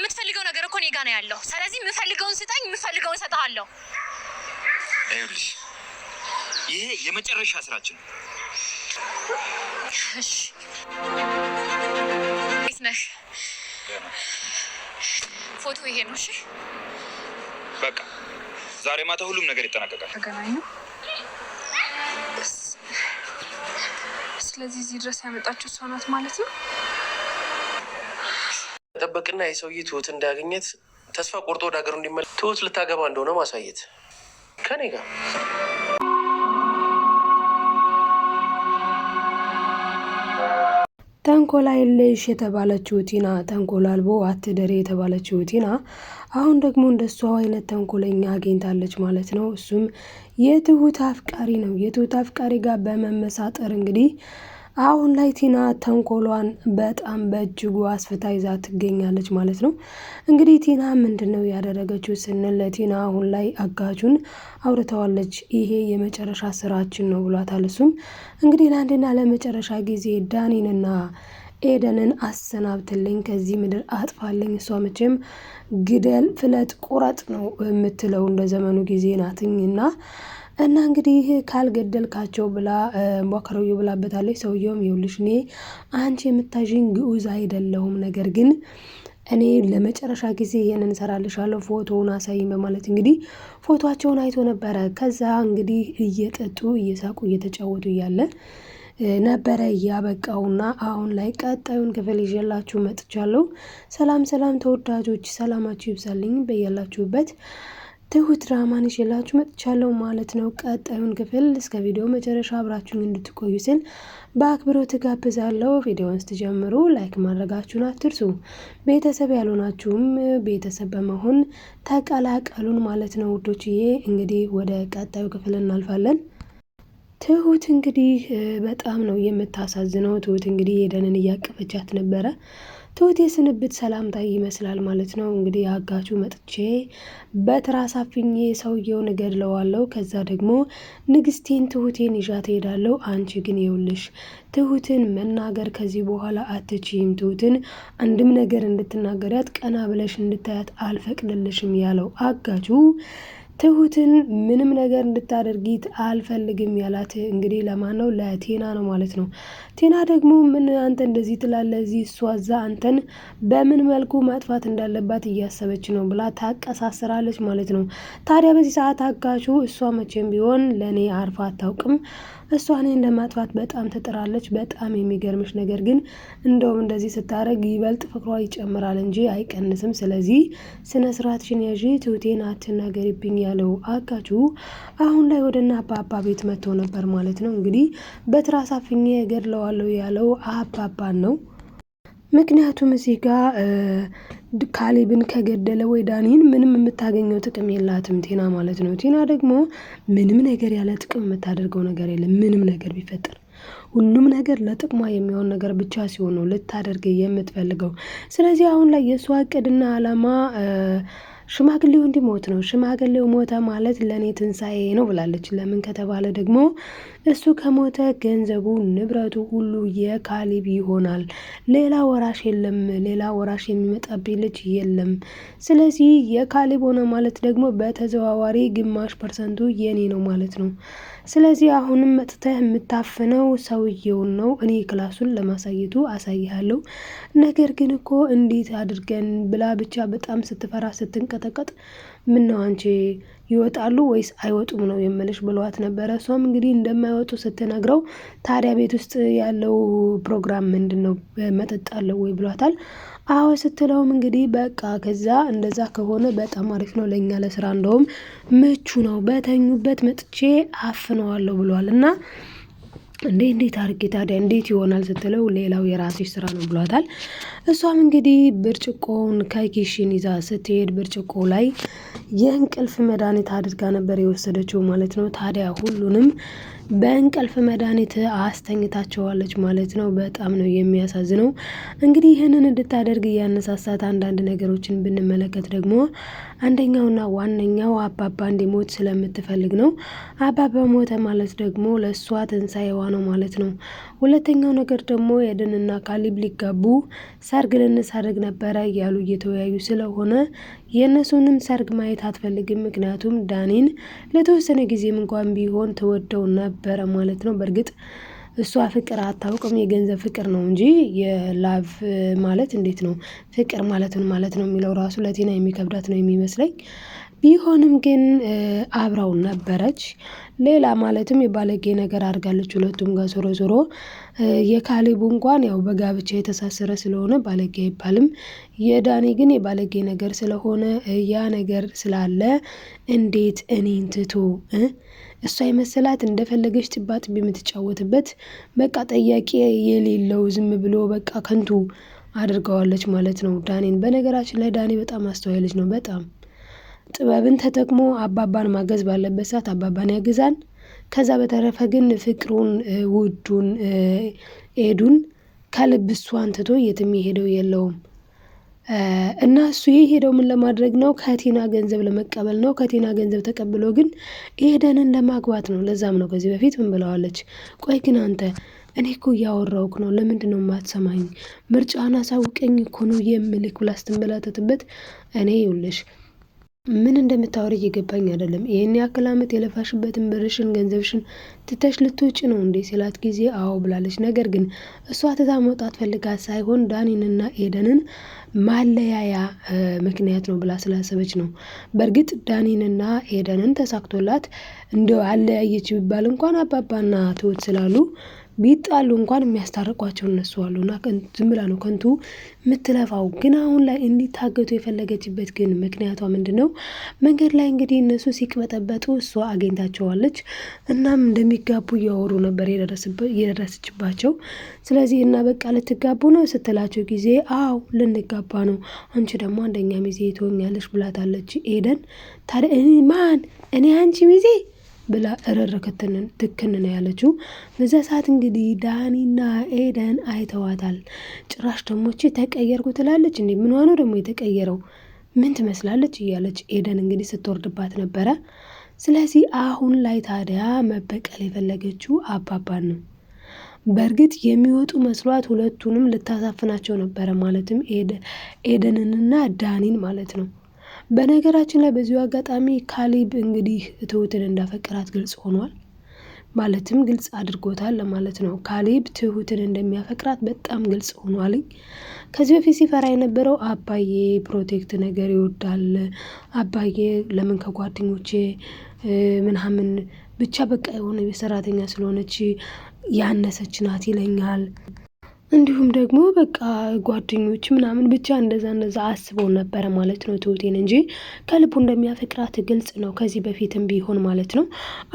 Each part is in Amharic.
የምትፈልገው ነገር እኮ እኔ ጋ ነው ያለው። ስለዚህ የምፈልገውን ስጠኝ፣ የምፈልገውን እሰጥሃለሁ። ይኸውልሽ ይሄ የመጨረሻ ስራችን ነው። ፎቶ ይሄ ነው። እሺ በቃ ዛሬ ማታ ሁሉም ነገር ይጠናቀቃል። ተገናኙ። ስለዚህ እዚህ ድረስ ያመጣችሁ እሷ ናት ማለት ነው። መጠበቅና የሰውዬ ትሁት እንዳገኘት ተስፋ ቆርጦ ወደ ሀገሩ እንዲመለ ትሁት ልታገባ እንደሆነ ማሳየት ከኔ ጋር ተንኮላ የለሽ የተባለችው ቲና ተንኮል አልቦ አትደሬ የተባለችው ቲና አሁን ደግሞ እንደሷ አይነት ተንኮለኛ አግኝታለች ማለት ነው። እሱም የትሁት አፍቃሪ ነው። የትሁት አፍቃሪ ጋር በመመሳጠር እንግዲህ አሁን ላይ ቲና ተንኮሏን በጣም በእጅጉ አስፍታ ይዛ ትገኛለች ማለት ነው። እንግዲህ ቲና ምንድን ነው ያደረገችው ስንል ቲና አሁን ላይ አጋጁን አውርተዋለች። ይሄ የመጨረሻ ስራችን ነው ብሏታል። እሱም እንግዲህ ለአንድና ለመጨረሻ ጊዜ ዳኒንና ኤደንን አሰናብትልኝ፣ ከዚህ ምድር አጥፋልኝ። እሷ መቼም ግደል፣ ፍለጥ፣ ቁረጥ ነው የምትለው እንደ ዘመኑ ጊዜ ናትኝ እና እና እንግዲህ ካልገደልካቸው ብላ ቧከረዮ ብላበታለች። ሰውየውም ይኸውልሽ እኔ አንቺ የምታዥኝ ግዑዝ አይደለሁም፣ ነገር ግን እኔ ለመጨረሻ ጊዜ ይህንን እሰራልሻለሁ፣ ፎቶውን አሳይኝ በማለት እንግዲህ ፎቶቸውን አይቶ ነበረ። ከዛ እንግዲህ እየጠጡ እየሳቁ እየተጫወቱ እያለ ነበረ እያበቃውና አሁን ላይ ቀጣዩን ክፍል ይዤላችሁ መጥቻለሁ። ሰላም ሰላም ተወዳጆች፣ ሰላማችሁ ይብዛልኝ በያላችሁበት። ትሁት ድራማን ይዤላችሁ መጥቻለሁ ማለት ነው። ቀጣዩን ክፍል እስከ ቪዲዮ መጨረሻ አብራችሁን እንድትቆዩ በአክብሮ በአክብሮት ጋብዛለሁ። ስትጀምሩ ላይክ ማድረጋችሁን አትርሱ። ቤተሰብ ያልሆናችሁም ቤተሰብ በመሆን ተቀላቀሉን ማለት ነው ውዶችዬ። እንግዲህ ወደ ቀጣዩ ክፍል እናልፋለን። ትሁት እንግዲህ በጣም ነው የምታሳዝነው። ትሁት እንግዲህ የደንን እያቀፈቻት ነበረ ትሁት የስንብት ሰላምታ ይመስላል ማለት ነው። እንግዲህ አጋቹ መጥቼ በትራስ አፍኜ ሰውየውን እገድለዋለሁ። ከዛ ደግሞ ንግስቴን ትሁቴን ይዣት እሄዳለሁ። አንቺ ግን ይኸውልሽ ትሁትን መናገር ከዚህ በኋላ አትችይም። ትሁትን አንድም ነገር እንድትናገሪያት ቀና ብለሽ እንድታያት አልፈቅድልሽም ያለው አጋቹ ትሁትን ምንም ነገር እንድታደርጊት አልፈልግም ያላት እንግዲህ ለማን ነው? ለቴና ነው ማለት ነው። ቴና ደግሞ ምን አንተ እንደዚህ ትላለህ፣ እዚህ እሷ እዛ፣ አንተን በምን መልኩ ማጥፋት እንዳለባት እያሰበች ነው ብላ ታቀሳስራለች ማለት ነው። ታዲያ በዚህ ሰዓት አጋቹ እሷ መቼም ቢሆን ለእኔ አርፋ አታውቅም፣ እሷ እኔን ለማጥፋት በጣም ትጥራለች። በጣም የሚገርምሽ ነገር ግን እንደውም እንደዚህ ስታደርግ ይበልጥ ፍቅሯ ይጨምራል እንጂ አይቀንስም። ስለዚህ ስነ ስርዓትሽን ያዢ፣ ትሁቴን አትናገሪብኝ ያለው አጋቹ አሁን ላይ ወደ እነ አባባ ቤት መጥቶ ነበር ማለት ነው። እንግዲህ በትራስ አፍኜ እገድለዋለሁ ያለው አባባን ነው። ምክንያቱም እዚህ ጋር ካሌብን ከገደለ ወይ ዳኒን ምንም የምታገኘው ጥቅም የላትም ቴና ማለት ነው። ቴና ደግሞ ምንም ነገር ያለ ጥቅም የምታደርገው ነገር የለም። ምንም ነገር ቢፈጠር ሁሉም ነገር ለጥቅሟ የሚሆን ነገር ብቻ ሲሆን ነው ልታደርግ የምትፈልገው። ስለዚህ አሁን ላይ የእሷ እቅድና አላማ። ሽማግሌው እንዲሞት ነው። ሽማግሌው ሞተ ማለት ለእኔ ትንሣኤ ነው ብላለች። ለምን ከተባለ ደግሞ እሱ ከሞተ ገንዘቡ፣ ንብረቱ ሁሉ የካሊብ ይሆናል። ሌላ ወራሽ የለም። ሌላ ወራሽ የሚመጣብኝ ልጅ የለም። ስለዚህ የካሊብ ሆነ ማለት ደግሞ በተዘዋዋሪ ግማሽ ፐርሰንቱ የኔ ነው ማለት ነው። ስለዚህ አሁንም መጥተህ የምታፍነው ሰውየውን ነው። እኔ ክላሱን ለማሳየቱ አሳይሃለሁ። ነገር ግን እኮ እንዴት አድርገን ብላ ብቻ በጣም ስትፈራ ስትንቀጠቀጥ ምነው አንቺ ይወጣሉ ወይስ አይወጡም ነው የምልሽ ብለዋት ነበረ። እሷም እንግዲህ እንደማይወጡ ስትነግረው ታዲያ ቤት ውስጥ ያለው ፕሮግራም ምንድን ነው መጠጥ አለው ወይ ብሏታል። አዎ ስትለውም እንግዲህ በቃ ከዛ እንደዛ ከሆነ በጣም አሪፍ ነው ለእኛ ለስራ እንደውም ምቹ ነው፣ በተኙበት መጥቼ አፍነዋለሁ ብሏል እና እንዴ እንዴት አድርጌ ታዲያ እንዴት ይሆናል ስትለው ሌላው የራስሽ ስራ ነው ብሏታል። እሷም እንግዲህ ብርጭቆውን ከኪሽን ይዛ ስትሄድ ብርጭቆ ላይ የእንቅልፍ መድኃኒት አድርጋ ነበር የወሰደችው ማለት ነው። ታዲያ ሁሉንም በእንቅልፍ መድኃኒት አስተኝታቸዋለች ማለት ነው። በጣም ነው የሚያሳዝነው። እንግዲህ ይህንን እንድታደርግ እያነሳሳት አንዳንድ ነገሮችን ብንመለከት ደግሞ አንደኛውና ዋነኛው አባባ እንዲሞት ስለምትፈልግ ነው። አባባ ሞተ ማለት ደግሞ ለእሷ ትንሣኤዋ ነው ማለት ነው። ሁለተኛው ነገር ደግሞ የደንና ካሊብ ሊጋቡ ሰርግ ልንሰርግ ነበረ እያሉ እየተወያዩ ስለሆነ የእነሱንም ሰርግ ማየት አትፈልግም። ምክንያቱም ዳኒን ለተወሰነ ጊዜም እንኳን ቢሆን ተወደው ነበር ነበረ ማለት ነው። በእርግጥ እሷ ፍቅር አታውቅም፣ የገንዘብ ፍቅር ነው እንጂ የላቭ ማለት እንዴት ነው ፍቅር ማለትን ማለት ነው የሚለው ራሱ ለቴና የሚከብዳት ነው የሚመስለኝ። ቢሆንም ግን አብራው ነበረች። ሌላ ማለትም የባለጌ ነገር አድርጋለች ሁለቱም ጋር። ዞሮ ዞሮ የካሌቡ እንኳን ያው በጋብቻ የተሳሰረ ስለሆነ ባለጌ አይባልም። የዳኒ ግን የባለጌ ነገር ስለሆነ ያ ነገር ስላለ እንዴት እኔን ትቶ እሷ የመሰላት እንደፈለገች ትባት የምትጫወትበት በቃ ጠያቂ የሌለው ዝም ብሎ በቃ ከንቱ አድርገዋለች ማለት ነው ዳኔን። በነገራችን ላይ ዳኔ በጣም አስተዋይ ልጅ ነው። በጣም ጥበብን ተጠቅሞ አባባን ማገዝ ባለበት ሰዓት አባባን ያግዛል። ከዛ በተረፈ ግን ፍቅሩን፣ ውዱን፣ ኤዱን ከልብ እሷን ትቶ የትም የሄደው የለውም። እና እሱ የሄደው ምን ለማድረግ ነው? ከቲና ገንዘብ ለመቀበል ነው። ከቲና ገንዘብ ተቀብሎ ግን ኤደንን ለማግባት ነው። ለዛም ነው ከዚህ በፊት ምን ብለዋለች? ቆይ ግን አንተ እኔ እኮ እያወራውክ ነው፣ ለምንድን ነው የማትሰማኝ? ምርጫን አሳውቀኝ እኮ ነው የምልክ ብላ ስትንበላተትበት እኔ ይውልሽ ምን እንደምታወሪ እየገባኝ አይደለም። ይህን ያክል ዓመት የለፋሽበትን ብርሽን ገንዘብሽን ትተሽ ልትውጭ ነው እንዴ ሲላት ጊዜ አዎ ብላለች። ነገር ግን እሷ ትታ መውጣት ፈልጋ ሳይሆን ዳኒንና ኤደንን ማለያያ ምክንያት ነው ብላ ስላሰበች ነው። በእርግጥ ዳኒንና ኤደንን ተሳክቶላት እንደው አለያየች ቢባል እንኳን አባባና ትውት ስላሉ ቢጣሉ እንኳን የሚያስታርቋቸው እነሱ አሉና ዝም ብላ ነው ከንቱ የምትለፋው። ግን አሁን ላይ እንዲታገቱ የፈለገችበት ግን ምክንያቷ ምንድን ነው? መንገድ ላይ እንግዲህ እነሱ ሲቅበጠበጡ እሷ አገኝታቸዋለች። እናም እንደሚጋቡ እያወሩ ነበር የደረሰችባቸው። ስለዚህ እና በቃ ልትጋቡ ነው ስትላቸው ጊዜ አው ልንጋባ ነው፣ አንቺ ደግሞ አንደኛ ሚዜ ትሆኛለች ብላታለች ኤደን። ታዲያ እኔ ማን እኔ አንቺ ሚዜ ብላ እረር ትክን ያለችው። በዛ ሰዓት እንግዲህ ዳኒና ኤደን አይተዋታል። ጭራሽ ደሞቼ ተቀየርኩ ትላለች። እንዴ ምን ሆኖ ደግሞ የተቀየረው ምን ትመስላለች እያለች ኤደን እንግዲህ ስትወርድባት ነበረ። ስለዚህ አሁን ላይ ታዲያ መበቀል የፈለገችው አባባን ነው። በእርግጥ የሚወጡ መስሏት ሁለቱንም ልታሳፍናቸው ነበረ። ማለትም ኤደንንና ዳኒን ማለት ነው። በነገራችን ላይ በዚሁ አጋጣሚ ካሊብ እንግዲህ ትሁትን እንዳፈቀራት ግልጽ ሆኗል። ማለትም ግልጽ አድርጎታል ለማለት ነው። ካሊብ ትሁትን እንደሚያፈቅራት በጣም ግልጽ ሆኗልኝ። ከዚህ በፊት ሲፈራ የነበረው አባዬ ፕሮቴክት ነገር ይወዳል፣ አባዬ ለምን ከጓደኞቼ ምናምን ብቻ በቃ የሆነ የሰራተኛ ስለሆነች ያነሰች ናት ይለኛል እንዲሁም ደግሞ በቃ ጓደኞች ምናምን ብቻ እንደዛ እንደዛ አስበው ነበረ ማለት ነው ትሁቴን እንጂ ከልቡ እንደሚያፈቅራት ግልጽ ነው፣ ከዚህ በፊትም ቢሆን ማለት ነው።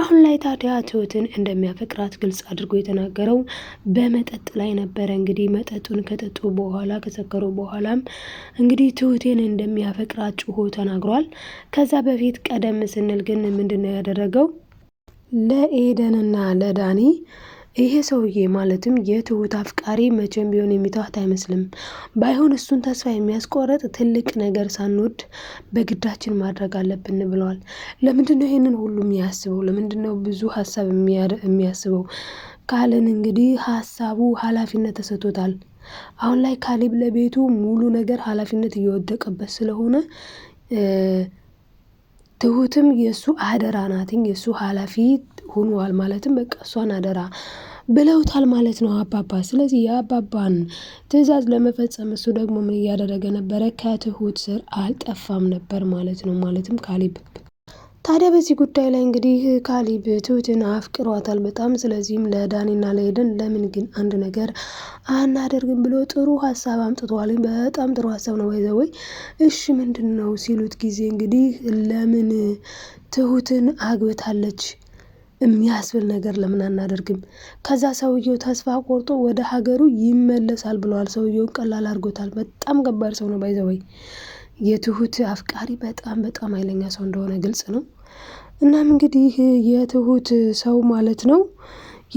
አሁን ላይ ታዲያ ትሁትን እንደሚያፈቅራት ግልጽ አድርጎ የተናገረው በመጠጥ ላይ ነበረ። እንግዲህ መጠጡን ከጠጡ በኋላ ከሰከሩ በኋላም እንግዲህ ትሁቴን እንደሚያፈቅራት ጩሆ ተናግሯል። ከዛ በፊት ቀደም ስንል ግን ምንድን ነው ያደረገው ለኤደንና ለዳኒ ይሄ ሰውዬ ማለትም የትሁት አፍቃሪ መቼም ቢሆን የሚተዋት አይመስልም። ባይሆን እሱን ተስፋ የሚያስቆረጥ ትልቅ ነገር ሳንወድ በግዳችን ማድረግ አለብን ብለዋል። ለምንድን ነው ይህንን ሁሉ የሚያስበው? ለምንድን ነው ብዙ ሀሳብ የሚያስበው ካልን እንግዲህ ሀሳቡ ኃላፊነት ተሰጥቶታል። አሁን ላይ ካሌብ ለቤቱ ሙሉ ነገር ኃላፊነት እየወደቀበት ስለሆነ ትሁትም የእሱ አደራ ናትኝ የእሱ ኃላፊ ሆኗል። ማለትም በቃ እሷን አደራ ብለውታል ማለት ነው አባባ። ስለዚህ የአባባን ትዕዛዝ ለመፈጸም እሱ ደግሞ ምን እያደረገ ነበረ? ከትሁት ስር አልጠፋም ነበር ማለት ነው። ማለትም ካሊብ ታዲያ በዚህ ጉዳይ ላይ እንግዲህ ካሊብ ትሁትን አፍቅሯታል በጣም። ስለዚህም ለዳኒና ለኤደን ለምን ግን አንድ ነገር አናደርግም ብሎ ጥሩ ሀሳብ አምጥተዋል። በጣም ጥሩ ሀሳብ ነው ባይዘወይ። እሺ ምንድን ነው ሲሉት ጊዜ እንግዲህ ለምን ትሁትን አግብታለች የሚያስብል ነገር ለምን አናደርግም? ከዛ ሰውየው ተስፋ ቆርጦ ወደ ሀገሩ ይመለሳል ብለዋል። ሰውየውን ቀላል አድርጎታል። በጣም ገባር ሰው ነው ባይዘወይ የትሁት አፍቃሪ በጣም በጣም ኃይለኛ ሰው እንደሆነ ግልጽ ነው። እናም እንግዲህ የትሁት ሰው ማለት ነው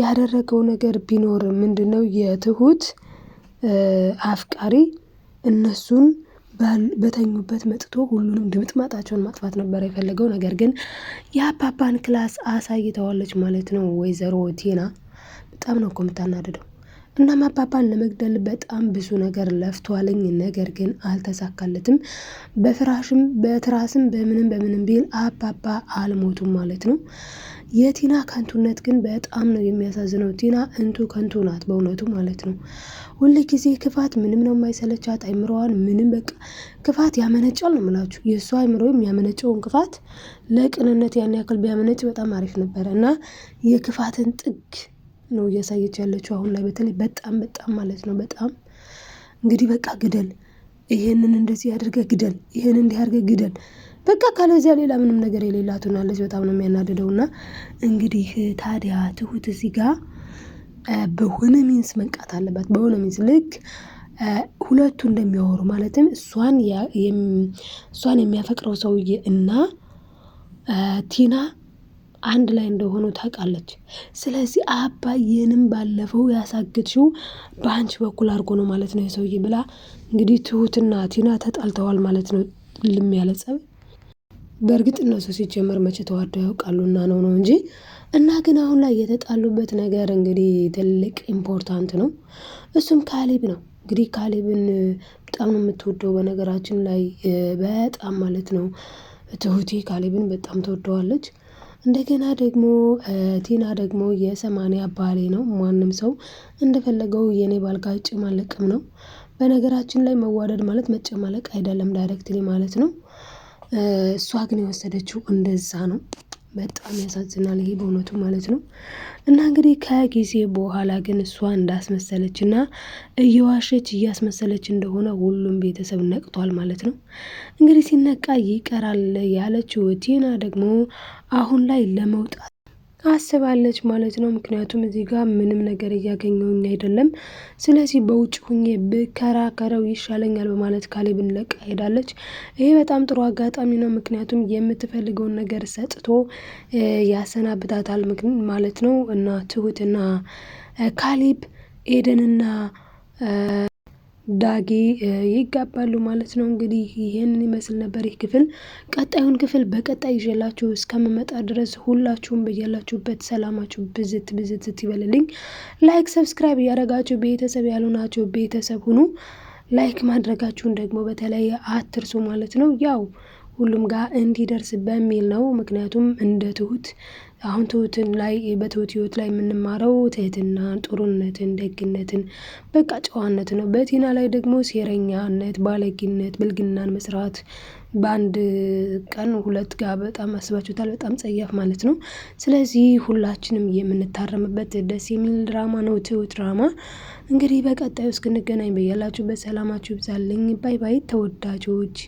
ያደረገው ነገር ቢኖር ምንድን ነው? የትሁት አፍቃሪ እነሱን በተኙበት መጥቶ ሁሉንም ድምጥማጣቸውን ማጥፋት ነበር የፈለገው። ነገር ግን የአፓፓን ክላስ አሳይተዋለች ማለት ነው ወይዘሮ ቲና። በጣም ነው እኮ የምታናድደው። እናም አባባን ለመግደል በጣም ብዙ ነገር ለፍቷልኝ፣ ነገር ግን አልተሳካለትም። በፍራሽም በትራስም በምንም በምንም ቢል አባባ አልሞቱም ማለት ነው። የቲና ከንቱነት ግን በጣም ነው የሚያሳዝነው። ቲና እንቱ ከንቱ ናት በእውነቱ ማለት ነው። ሁል ጊዜ ክፋት ምንም ነው የማይሰለቻት አይምሮዋን ምንም በቃ ክፋት ያመነጫል ነው ምላችሁ። የእሷ አይምሮ የሚያመነጨውን ክፋት ለቅንነት ያን ያክል ቢያመነጭ በጣም አሪፍ ነበረ እና የክፋትን ጥግ ነው እያሳየች ያለችው አሁን ላይ በተለይ በጣም በጣም ማለት ነው በጣም እንግዲህ በቃ ግደል፣ ይሄንን እንደዚህ ያደርገ ግደል፣ ይሄን እንዲህ ግደል፣ በቃ ካለዚያ ሌላ ምንም ነገር የሌላት ሆናለች። በጣም ነው የሚያናድደው። እና እንግዲህ ታዲያ ትሁት እዚህ ጋር በሆነ ሚንስ መንቃት አለባት። በሆነ ሚንስ ልክ ሁለቱ እንደሚያወሩ ማለትም እሷን የሚያፈቅረው ሰውዬ እና ቲና አንድ ላይ እንደሆኑ ታውቃለች። ስለዚህ አባዬንም ባለፈው ያሳገድሽው በአንቺ በኩል አድርጎ ነው ማለት ነው የሰውዬ ብላ እንግዲህ ትሁትና ቲና ተጣልተዋል ማለት ነው። ልም ያለ ጸብ። በእርግጥ እነሱ ሲጀመር መቼ ተዋደው ያውቃሉና ነው ነው እንጂ እና ግን አሁን ላይ የተጣሉበት ነገር እንግዲህ ትልቅ ኢምፖርታንት ነው። እሱም ካሊብ ነው። እንግዲህ ካሊብን በጣም ነው የምትወደው በነገራችን ላይ በጣም ማለት ነው ትሁቴ ካሊብን በጣም ትወደዋለች። እንደገና ደግሞ ቲና ደግሞ የሰማንያ ባሌ ነው። ማንም ሰው እንደፈለገው የኔ ባልጋ ጋር ነው። በነገራችን ላይ መዋደድ ማለት መጨማለቅ አይደለም፣ ዳይሬክትሊ ማለት ነው። እሷ ግን የወሰደችው እንደዛ ነው። በጣም ያሳዝናል ይሄ በእውነቱ ማለት ነው። እና እንግዲህ ከጊዜ በኋላ ግን እሷ እንዳስመሰለች እና እየዋሸች እያስመሰለች እንደሆነ ሁሉም ቤተሰብ ነቅቷል ማለት ነው። እንግዲህ ሲነቃ ይቀራል ያለችው ቲና ደግሞ አሁን ላይ ለመውጣት አስባለች ማለት ነው። ምክንያቱም እዚህ ጋር ምንም ነገር እያገኘውኝ አይደለም፣ ስለዚህ በውጭ ሁኜ ብከራከረው ይሻለኛል በማለት ካሌብን ለቃ ሄዳለች። ይሄ በጣም ጥሩ አጋጣሚ ነው፣ ምክንያቱም የምትፈልገውን ነገር ሰጥቶ ያሰናብታታል ማለት ነው። እና ትሁትና ካሌብ ኤደንና ዳጊ ይጋባሉ ማለት ነው። እንግዲህ ይህንን ይመስል ነበር ይህ ክፍል። ቀጣዩን ክፍል በቀጣይ ይዤላችሁ እስከምመጣ ድረስ ሁላችሁም በያላችሁበት ሰላማችሁ ብዝት ብዝት ይበልልኝ። ላይክ፣ ሰብስክራይብ እያደረጋችሁ ቤተሰብ ያልሆናችሁ ቤተሰብ ሁኑ። ላይክ ማድረጋችሁን ደግሞ በተለይ አትርሱ ማለት ነው። ያው ሁሉም ጋር እንዲደርስ በሚል ነው። ምክንያቱም እንደ ትሁት አሁን ትሁትን ላይ በትሁት ህይወት ላይ የምንማረው ትህትናን፣ ጥሩነትን፣ ደግነትን በቃ ጨዋነት ነው። በቲና ላይ ደግሞ ሴረኛነት፣ ባለጊነት፣ ብልግናን መስራት በአንድ ቀን ሁለት ጋር በጣም አስባችሁታል። በጣም ጸያፍ ማለት ነው። ስለዚህ ሁላችንም የምንታረምበት ደስ የሚል ድራማ ነው ትሁት ድራማ። እንግዲህ በቀጣዩ እስክንገናኝ በያላችሁበት ሰላማችሁ ይብዛልኝ። ባይ ባይ ተወዳጆች።